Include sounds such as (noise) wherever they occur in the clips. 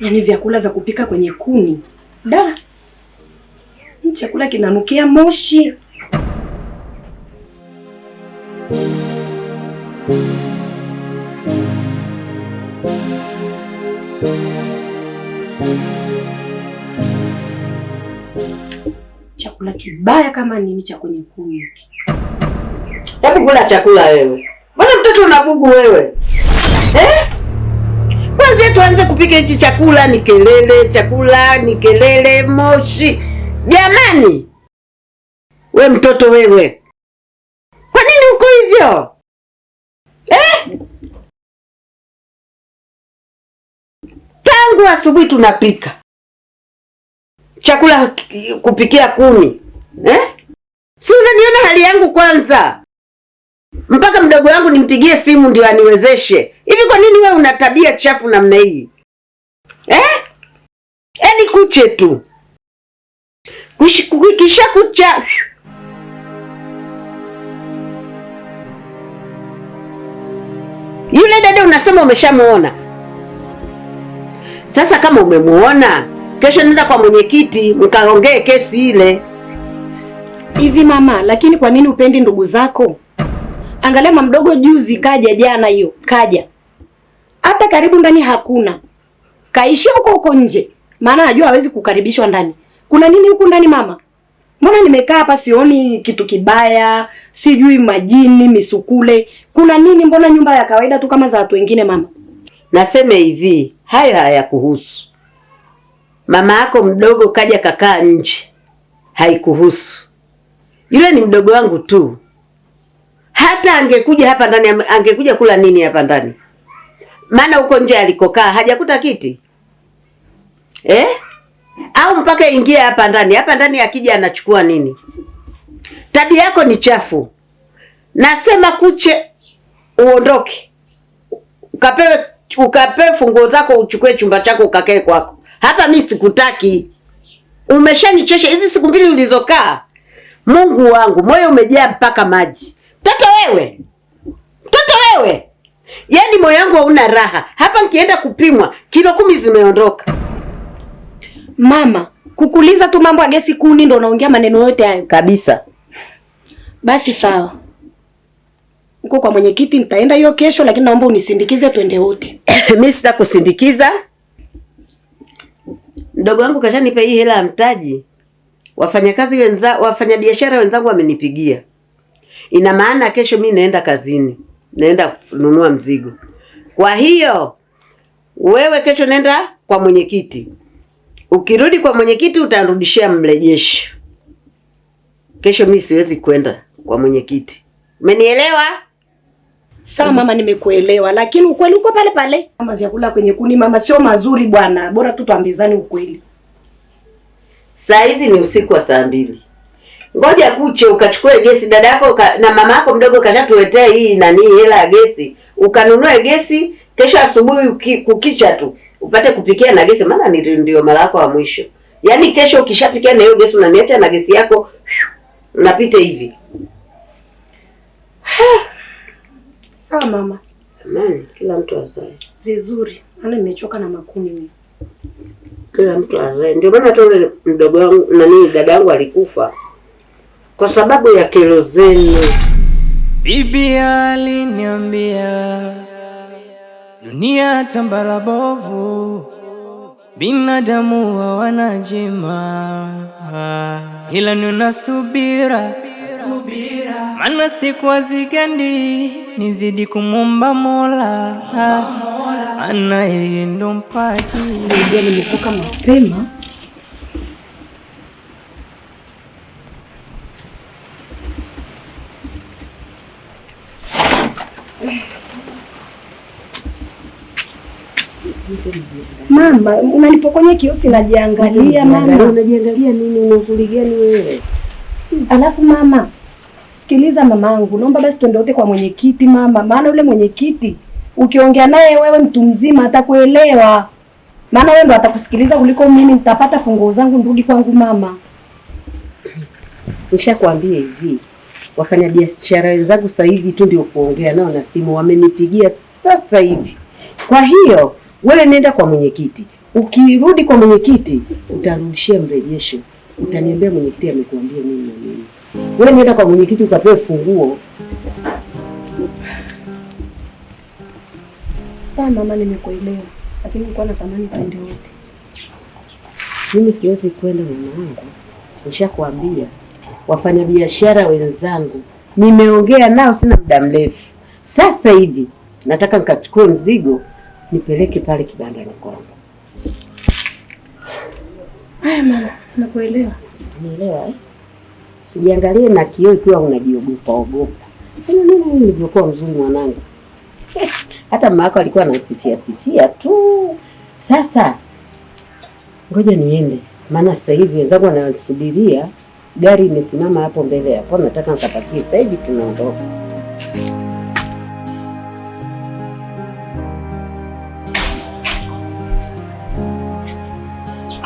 Yaani vyakula vya kupika kwenye kuni da, chakula kinanukia moshi. chakula kibaya kama nini cha kwenye kuyu. Hebu kula chakula wewe. Mbona mtoto una bugu wewe? Eh? Kwanza tuanze kupika hichi chakula ni kelele, chakula ni kelele, moshi. Jamani. We mtoto wewe. Kwa nini uko hivyo? Eh? Tangu asubuhi tunapika chakula kupikia kumi eh? Si unaniona hali yangu kwanza, mpaka mdogo wangu nimpigie simu ndio aniwezeshe hivi. Kwa nini wewe una tabia chafu namna hii eh? Yaani kuche tu kisha kucha yule dada unasema umeshamuona. Sasa kama umemuona Kesho nenda kwa mwenyekiti mkaongee kesi ile. Hivi mama, lakini kwa nini upendi ndugu zako? Angalia mama mdogo juzi kaja, jana hiyo kaja, hata karibu ndani hakuna, kaishia huko huko nje, maana najua hawezi kukaribishwa ndani. Kuna nini huku ndani mama? Mbona nimekaa hapa sioni kitu kibaya, sijui majini, misukule. Kuna nini? Mbona nyumba ya kawaida tu kama za watu wengine mama? Naseme hivi, haya hayakuhusu mama yako mdogo kaja kakaa nje, haikuhusu. Yule ni mdogo wangu tu, hata angekuja hapa ndani, angekuja kula nini hapa ndani? Maana huko nje alikokaa hajakuta kiti eh? Au mpaka ingie hapa ndani. Hapa ndani akija anachukua nini? Tabia yako ni chafu. Nasema kuche uondoke, ukapewe ukapewe funguo zako, uchukue chumba chako ukakae kwako hata mi sikutaki, umeshanichosha hizi siku mbili ulizokaa. Mungu wangu, moyo umejaa mpaka maji. Mtoto wewe, mtoto wewe, yaani moyo wangu hauna raha. Hapa nikienda kupimwa kilo kumi zimeondoka. Mama, kukuuliza tu mambo ya gesi kuni ndo unaongea maneno yote hayo kabisa? Basi sawa, uko kwa mwenyekiti, nitaenda hiyo kesho, lakini naomba unisindikize twende wote. (coughs) mi sitakusindikiza mdogo wangu kashanipa hii hela ya mtaji, wafanyakazi wenza, wafanyabiashara wenzangu wamenipigia. Ina maana kesho mi naenda kazini, naenda kununua mzigo. Kwa hiyo wewe kesho nenda kwa mwenyekiti, ukirudi kwa mwenyekiti utarudishia mrejesho. Kesho mi siwezi kwenda kwa mwenyekiti, umenielewa? Sawa mama, nimekuelewa, lakini ukweli uko pale pale. Kama vyakula kwenye kuni mama sio mazuri bwana, bora tu tuambizane ukweli. Saa hizi ni usiku wa saa mbili, ngoja kuche ukachukue gesi. Dada yako na mama yako mdogo kashatuletea hii nani hela ya gesi, ukanunue gesi kesho asubuhi kukicha tu upate kupikia na gesi, maana ndio mara yako ya mwisho. Yaani kesho ukishapikia na hiyo gesi unaniacha na gesi yako, unapita hivi Sawa mama. Amen. kila mtu azae vizuri, maana nimechoka na makumi mimi. Kila mtu azae, ndio maana hata ule mdogo wangu nani, dada yangu alikufa kwa sababu ya kero zenu. Bibi aliniambia dunia tambala bovu, binadamu wa wanajima, ila nuna subira, subira Mana sikuwa zigandi nizidi kumwomba Mola, ana yeye ndo mpaji. Nijua nimetoka mapema mama, unanipokonya kiusi, najiangalia mama. Unajiangalia nini? Una gani wewe? Alafu mama sikiliza mamangu, naomba basi tuende wote kwa mwenyekiti mama, maana yule mwenyekiti ukiongea naye wewe mtu mzima atakuelewa, maana wewe ndo atakusikiliza kuliko mimi. Nitapata funguo zangu nirudi kwangu mama. Nishakwambia hivi, biashara wenzangu sasa hivi tu ndio kuongea nao na simu, wamenipigia sasa hivi. Kwa hiyo wewe nenda kwa mwenyekiti, ukirudi kwa mwenyekiti utarudishia mrejesho, utaniambia mwenyekiti amekuambia nini na nini. Ule nienda kwa mwenyekiti ukapewe funguo. Sawa mama, nimekuelewa, lakini nilikuwa natamani twende wote. Mimi siwezi kwenda mama wangu, nishakwambia. Wafanyabiashara wenzangu nimeongea nao, sina muda mrefu. Sasa hivi nataka nikachukue mzigo nipeleke pale kibandani kwangu. Aya mama, nakuelewa. Nielewa eh? Sijiangalie na kioo ikiwa unajiogopa ogopa. Sema mimi nilivyokuwa mzuri mwanangu. Eh, hata mama yako alikuwa anasifia sifia tu. Sasa ngoja niende, maana sasa hivi wenzangu wanasubiria, gari imesimama hapo mbele hapo, nataka nikapakie sasa hivi, tunaondoka.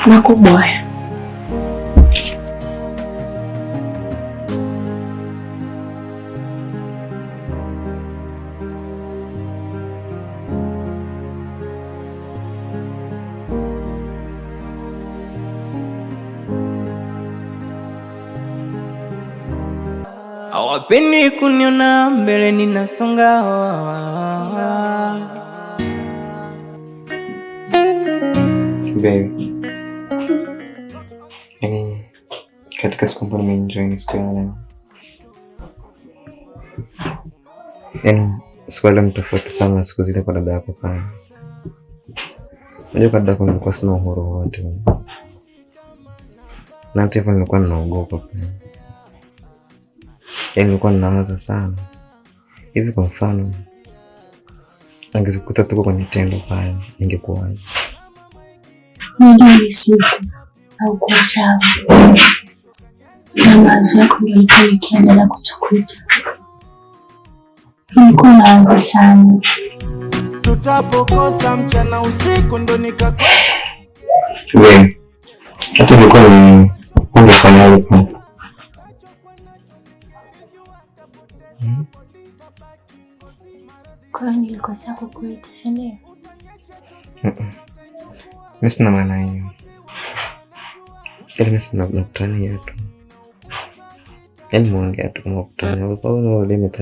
Makubwa haya Wapendi kuniona mbele ninasonga, baby. Yaani, katika siku ambayo nimeenjoy ni siku ya leo, yani siku ya leo ni tofauti sana siku zile kwa dada yako pale. Unajua kwa dada yako nilikuwa sina uhuru wote, na hata hivyo nilikuwa ninaogopa pia Yani nilikuwa ninawaza sana hivi, kwa mfano angekuta tuko kwenye tendo pale, ingekuwaje? Nijue au kuwa sawa na mawazo yako, ndio ilikuwa ikiendelea kutukuta. Nilikuwa nawaza sana tutapokosa mchana usiku, ndo nikaka hata nilikuwa ni ungefanyaje? Hmm? Kwa hiyo nilikosea kukuita, si ndio? Mimi sina maana hiyo, ila yaani nakutania tu, yaani mwongea tu kama kutania.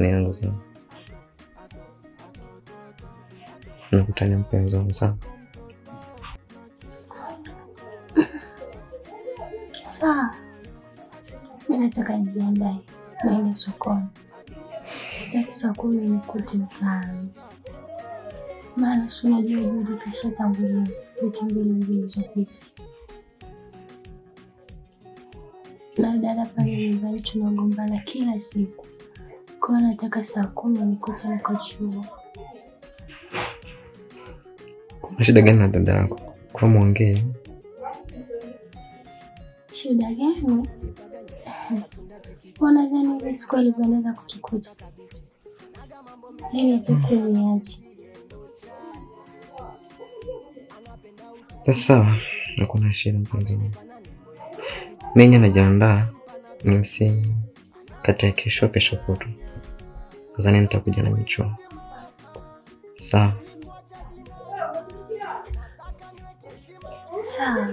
yangu sana, nakutania mpenzi wangu sana. Sawa, mimi nataka nijiandae naende sokoni. Sitaki sakuni nikute mtaani, maana si unajua juu tushatangulia wiki mbili mbili zilizopita, na dada pale nyumbani tunagombana kila siku. Kwa nataka saa kumi nikute niko chuo. Kuna shida gani na dada yako? Kwa mwongee shida gani? Wanadhani ile siku alivyoeleza kutukuta Yaani Sasa hakuna shida mpenzi wangu. Mimi najiandaa nasi kati ya kesho kesho kutu. Nadhani nitakuja na michoro. Sawa. Sawa.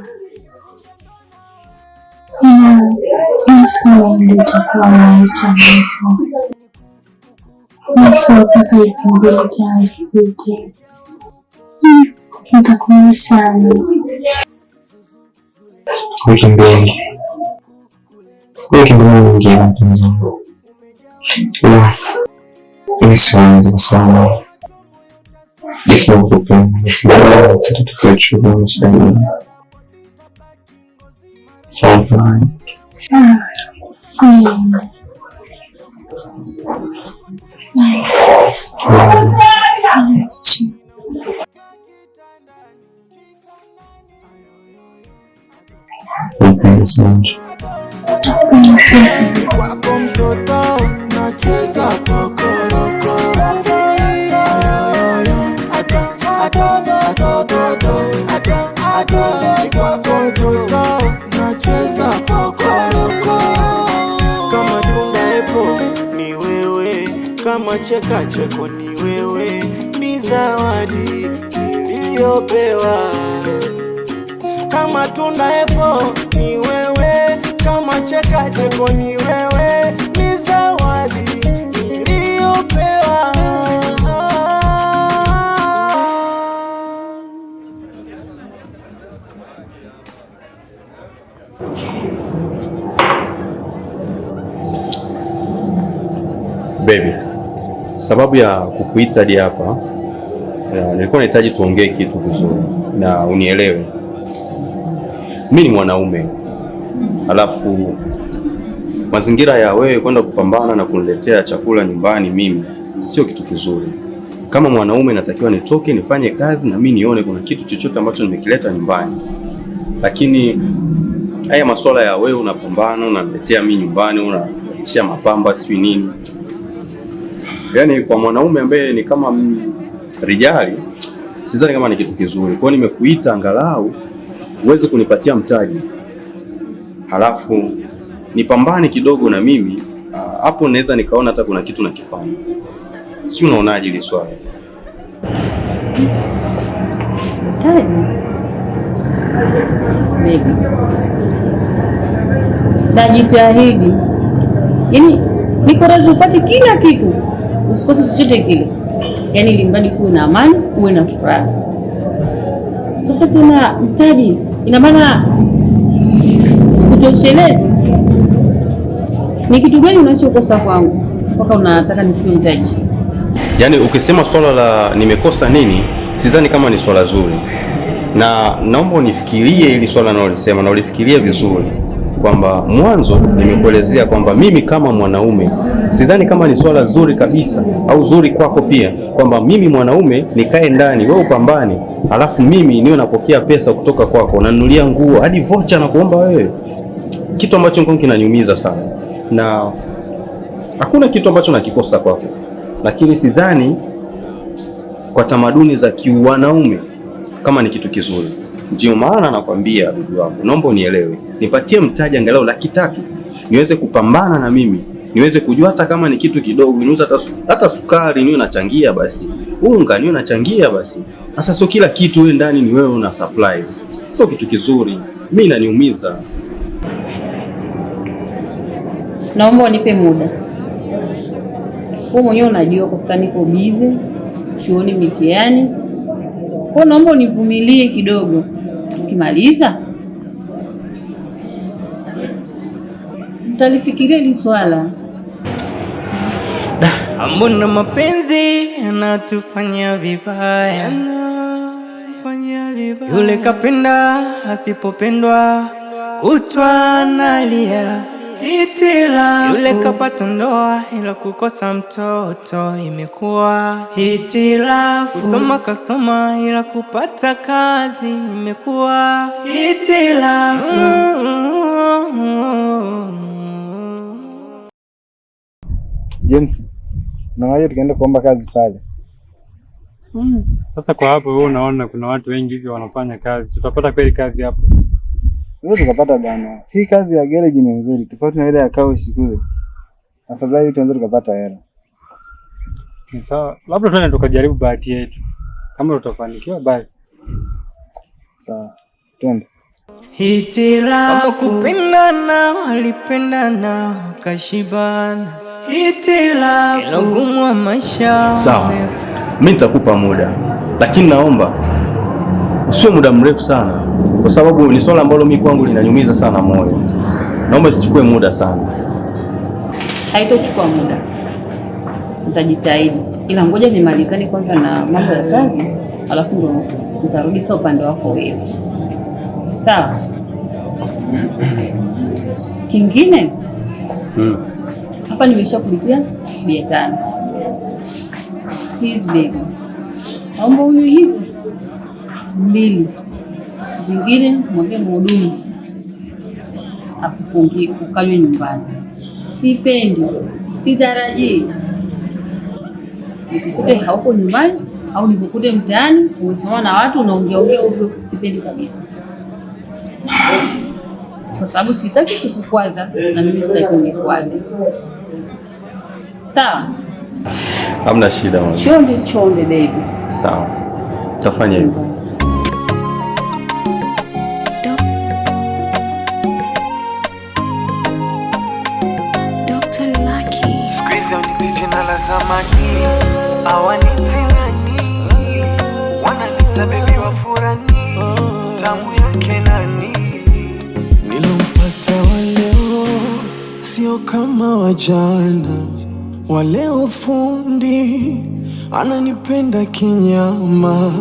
Nina Masa mpaka elfu mbili tano zipite, nitakuona sana wiki mbili, wiki mbili nyingine, mpenzi wangu, ili sianze kusoma jisiakupenda jisiatoto tukiwachuga mashahii sawa Kacheko ni wewe, ni zawadi niliyopewa. Kama tunda epo ni wewe, kama cheka cheko ni wewe Sababu ya kukuita hadi hapa, nilikuwa nahitaji tuongee kitu kizuri na unielewe. Mi ni mwanaume, alafu mazingira ya wewe kwenda kupambana na kuniletea chakula nyumbani mimi sio kitu kizuri. Kama mwanaume natakiwa nitoke nifanye kazi na mi nione kuna kitu chochote ambacho nimekileta nyumbani, lakini haya masuala ya wewe unapambana unaniletea mimi nyumbani, unaaishia mapamba sijui nini yani kwa mwanaume ambaye ni kama rijali, sidhani kama ni kitu kizuri. Kwa hiyo nimekuita angalau uweze kunipatia mtaji, halafu nipambane kidogo na mimi ah, hapo, naweza nikaona hata kuna kitu nakifanya. Si unaonaje hili swali? Najitahidi, yaani niko razi upate kila kitu usikose chochote kile, yaani limradi kuwe na amani, uwe na furaha. Sasa tena mtaji, ina maana sikutoshelezi. Ni kitu gani unachokosa kwangu mpaka unataka nikupe mtaji? Yaani ukisema swala la nimekosa nini, sidhani kama ni swala zuri, na naomba unifikirie ili swala nalolisema na ulifikirie vizuri, kwamba mwanzo nimekuelezea kwamba mimi kama mwanaume Sidhani kama ni swala zuri kabisa au zuri kwako pia kwamba mimi mwanaume nikae ndani, wewe upambane, alafu mimi niwe napokea pesa kutoka kwako, unanunulia nguo hadi vocha na kuomba wewe, kitu ambacho ngo kinaniumiza sana, na hakuna kitu ambacho nakikosa kwako, lakini sidhani kwa tamaduni za kiwanaume kama ni kitu kizuri. Ndio maana nakwambia, ndugu wangu, naomba unielewe, nipatie mtaji angalau laki tatu niweze kupambana na mimi niweze kujua hata kama ni kitu kidogo, niuza hata sukari niwe nachangia basi, unga niwe nachangia basi. Sasa sio kila kitu wewe ndani ni wewe una supplies, sio kitu kizuri, mimi inaniumiza. Naomba unipe muda wewe mwenyewe, unajua kwa sasa niko busy chuoni mitihani, kwa naomba univumilie kidogo, ukimaliza talifikiria hili swala. Mbona mapenzi yanatufanya vibaya, vibaya? Yule kapenda asipopendwa kutwa nalia hitilafu. Yule kapata ndoa ila kukosa mtoto imekuwa hitilafu. Kusoma kasoma ila kupata kazi imekuwa hitilafu. James Unaweza tukaenda kuomba kazi pale. Mm. Sasa kwa hapo wewe unaona kuna watu wengi hivyo wanafanya kazi. Tutapata kweli kazi hapo. Wewe tukapata bana. Hii kazi ya garage ni nzuri tofauti na ile ya kaushi kule. Afadhali tuanze tukapata hela. Ni sawa. Labda tuende tukajaribu bahati yetu. Kama tutafanikiwa basi. Sawa. Twende. Hitirafu kupendana walipendana kashibana. Sawa, mimi nitakupa muda, lakini naomba usio muda mrefu sana, kwa sababu ni swala ambalo mimi kwangu linanyumiza sana moyo. Naomba isichukue muda sana. Haitochukua muda, nitajitahidi, ila ngoja nimalizane kwanza na mambo ya kazi, alafu ndo nitarudisha upande wako wewe. Sawa. (clears throat) Kingine hmm hapa nimeisha kubikia mia tano. Hizi begi naomba unywe hizi mbili, zingine mwambie mhudumu akufungie ukanywe nyumbani. Sipendi, sitarajii nikukute hauko nyumbani au nikukute mtaani umesimama na watu unaongeaongea ovyo. Sipendi kabisa, kwa sababu sitaki kukukwaza na mimi sitaki nikukwaze. Sawa, hamna shida. mwanangu. Chonde chonde baby. Sawa, tafanya hivyo. Dr. Lucky. Squeeze Siku hizi waniti jina la zamani, awaniti sio kama wajana wale, ufundi ananipenda kinyama,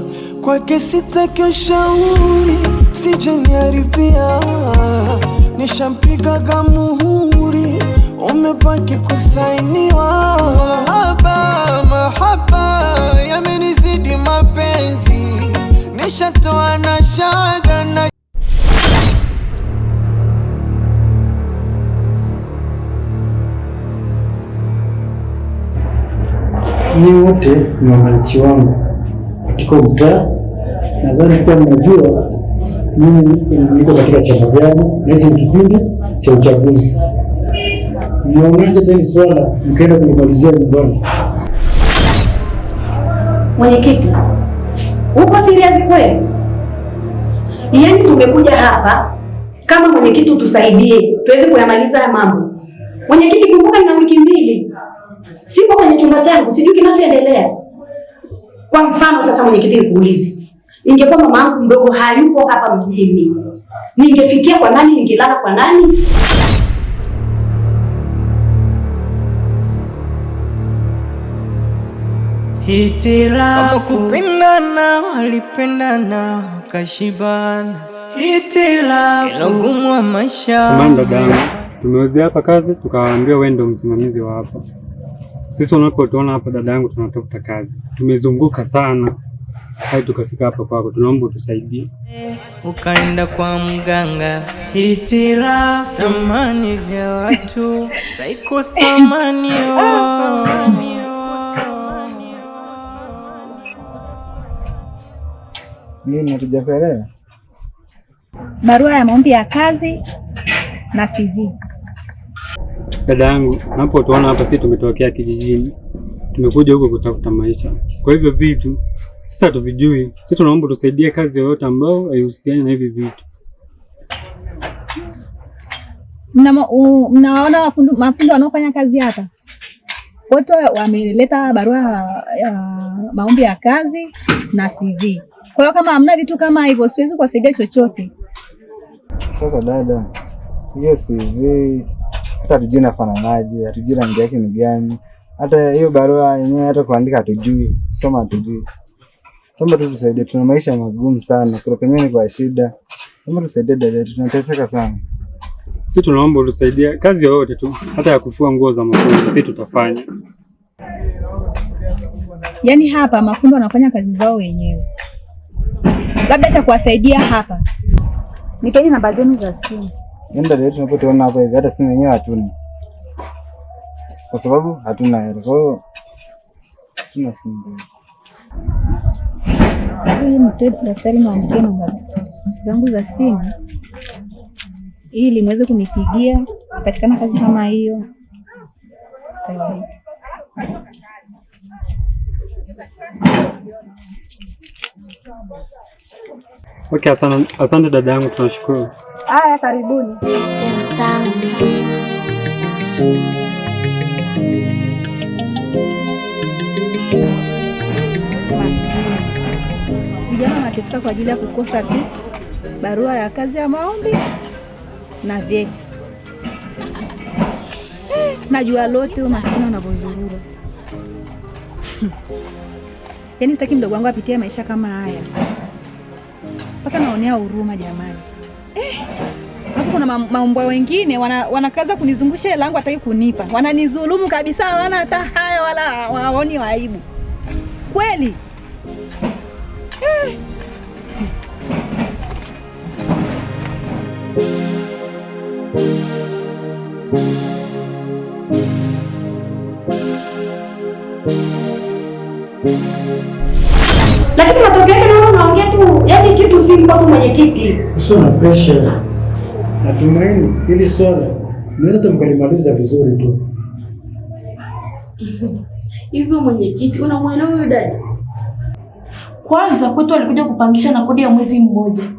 kwake sitaki ushauri, sijaniharibia nishampiga gamuhuri umebaki kusainiwa. Mahaba mahaba yamenizidi mapenzi, nishatoa na shaga na ni wote ni wananchi wangu katika mtaa, nadhani kuwa mnajua mimi niko katika chama gani, na hizi ni kipindi cha uchaguzi. Mnaonaje tena swala mkaenda kulimalizia nyumbani? Mwenyekiti, uko serious kweli? Yaani tumekuja hapa kama mwenyekiti, utusaidie tuweze kuyamaliza haya mambo. Mwenyekiti, kumbuka ina wiki mbili Sipo kwenye chumba changu, sijui kinachoendelea. Kwa mfano sasa, mwenyekiti, nikuulize, ingekuwa mama yangu mdogo hayupo hapa mjini, ningefikia kwa nani? Ningelala kwa nani? Hitilafu. Kupendana walipendana wakashibana, hitilafu ila wa Dada yangu, hapa kazi, tukawaambia wewe ndio msimamizi wa hapa sisi unapotuona hapa, dada yangu, tunatafuta kazi, tumezunguka sana hadi tukafika hapa kwako, tunaomba utusaidie. Ukaenda kwa mganga, hitirafu thamani vya watu taiko samani nini, hatujakuelewa. Barua ya maombi ya kazi na CV. Dada yangu, tuona hapa, sisi tumetokea kijijini, tumekuja huko kutafuta maisha. Kwa hivyo vitu sasa tuvijui, sisi tunaomba tusaidie kazi yoyote ambayo haihusiani na hivi vitu. mnaona mafundi wanaofanya kazi hapa wote wameleta barua ya maombi ya kazi na CV. Kwa hiyo kama hamna vitu kama hivyo, siwezi kuwasaidia chochote. Sasa dada, hiyo CV hata hatujui nafananaje, hatujui rangi yake ni gani, hata hiyo barua yenyewe hata kuandika hatujui, soma hatujui. Naomba tu tusaidie, tuna maisha magumu sana, kuna ni kwa shida. Naomba tusaidie dada, tunateseka sana. Sisi tunaomba utusaidie kazi yoyote tu, hata ya kufua nguo za mafundi, sisi tutafanya. Yaani hapa mafundi wanafanya kazi zao wenyewe, labda cha kuwasaidia hapa nipeni namba zenu za simu. Ndio leo tunapotuona hapa hivi, hata sisi wenyewe hatuna, kwa sababu hatuna hela. Kwa hiyo tuna simba daftari maamkeno zangu za simu ili niweze kunipigia. Patikana kazi kama hiyo Okay, asante dada yangu, tunashukuru. Haya, karibuni. Vijana wanateseka kwa ajili ya kukosa tu barua ya kazi ya maombi na vyeti. Eh, najua lote umaskini unavyozurura. (laughs) Yaani sitaki mdogo wangu apitie maisha kama haya, mpaka naonea huruma jamani eh. kuna maumbwa wengine wana, wanakaza kunizungusha hela yangu, hataki kunipa, wananizulumu kabisa, hawana hata haya wala waoni waibu kweli eh. lakini matokeo kitu si mpaka mwenyekiti. Sio na presha. Natumaini hili swala naweza mkalimaliza vizuri tu. Hivyo mwenyekiti, unamwelewa huyo dada? Kwanza kwetu alikuja kupangisha na kodi ya mwezi mmoja